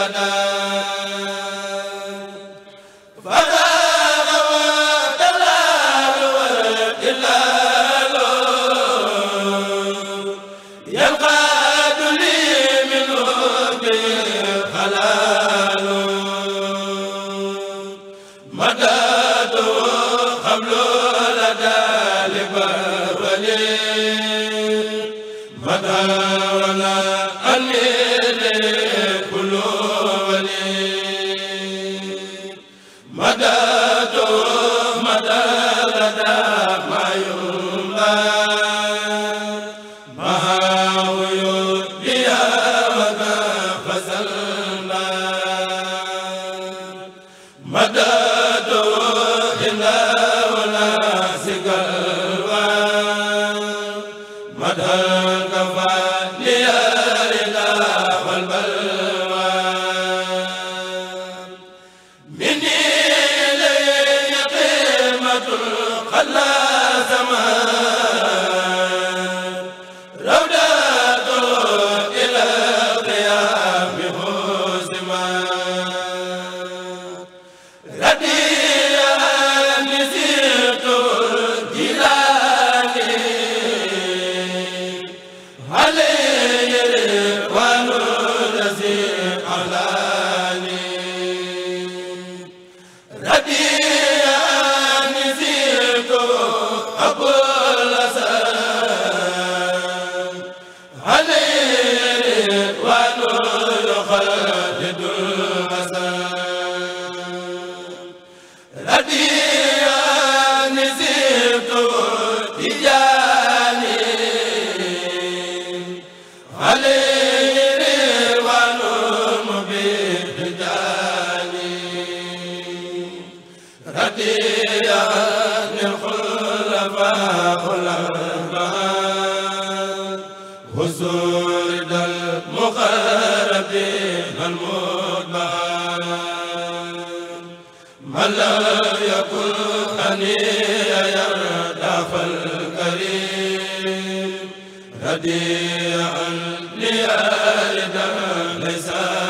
bana mada di an li al dam laysa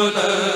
la